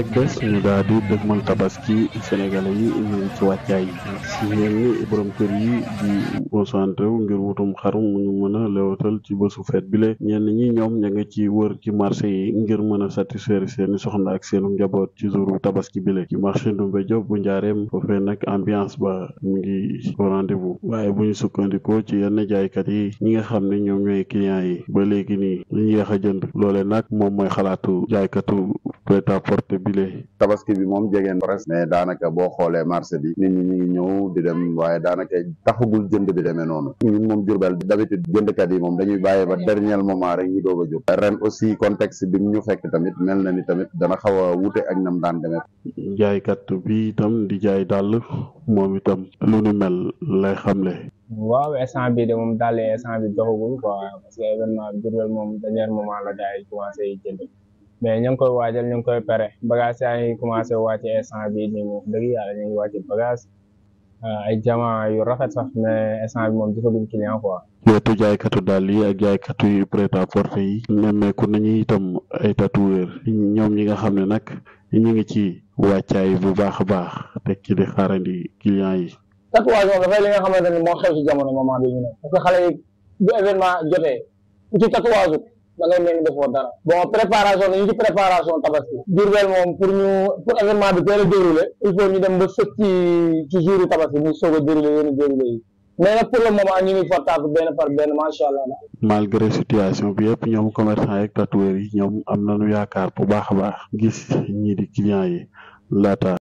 rek des ñu daal di dëgmal tabaski sénégalais yi ñu ci wàccaay si ñeen borom kër yi di concentré wu ngir wutum xar mu ñu mën a lewatal ci bésu feet bi le ñenn ñi ñoom ña nga ci wër ci marché yi ngir mën a satisfaire seeni soxna ak seenu njaboot ci jouru tabaski bi le ci marché Ndoumbé Diop bu njaareem foofee nag ambiance ba mu ngi au rendez-vous waaye bu ñu sukkandikoo ci yenn jaaykat yi ñi nga xam ne ñoom ñooy clients yi ba léegi nii li ñu yéex a jënd loole nag moom xalaatu jaaykatu prêt-à-porter bile. tabaski bi moom jegeen presque mais daanaka boo xoolee marché bi nit ñu ñëw di dem waaye daanaka taxagul jënd bi demee noonu ñun moom Jurbel d'habitude jëndkat yi moom dañuy bàyyi ba dernier moment rek ñu doog a jóg ren aussi contexte bi ñu fekk tamit mel na ni tamit dana xaw a wute ak nam daan demee jaaykat bi itam di jaay dàll moom itam lu nu mel lay xamle waaw instant bi de moom daal instant bi doxagul quoi parce que événement Jurbel moom dernier moment la gars yi mais ñu ngi koy waajal ñu koy pare bagage yaa ngi commencé wàcc instant bii nii moom dëgg yàlla ñu ngi wàcc bagage euh, ay jama yu rafet sax mais instant bi moom gisaguñ client quoi. wetu daal yi ak jaaykatu yu prêt-à-porter yi nemmeeku nañu itam ay tatoueur ñoom ñi nga xam ne nag ñu ngi ci wàccaay bu baax a baax te ci di xaarandi client yi. tatouage moom dafay li nga xamante ne moo xew ci jamono moment bi ñu ne parce xale yi bu événement jotee ku da ngay mel ni defoo dara bon préparation nañu ci préparation tabaski Diourbel moom pour ñu pour événement bi teel a déroulé il faut ñu dem ba sëg ci ci jouru tabaski muy soog a déroulé yenn déroulé yi mais nag pour le moment ñu ngi fortaatu benn par benn macha allah. malgré situation bi yëpp ñoom commerçant yeeg tatoueur yi ñoom am nañu yaakaar bu baax a baax gis ñii di clients yi laata.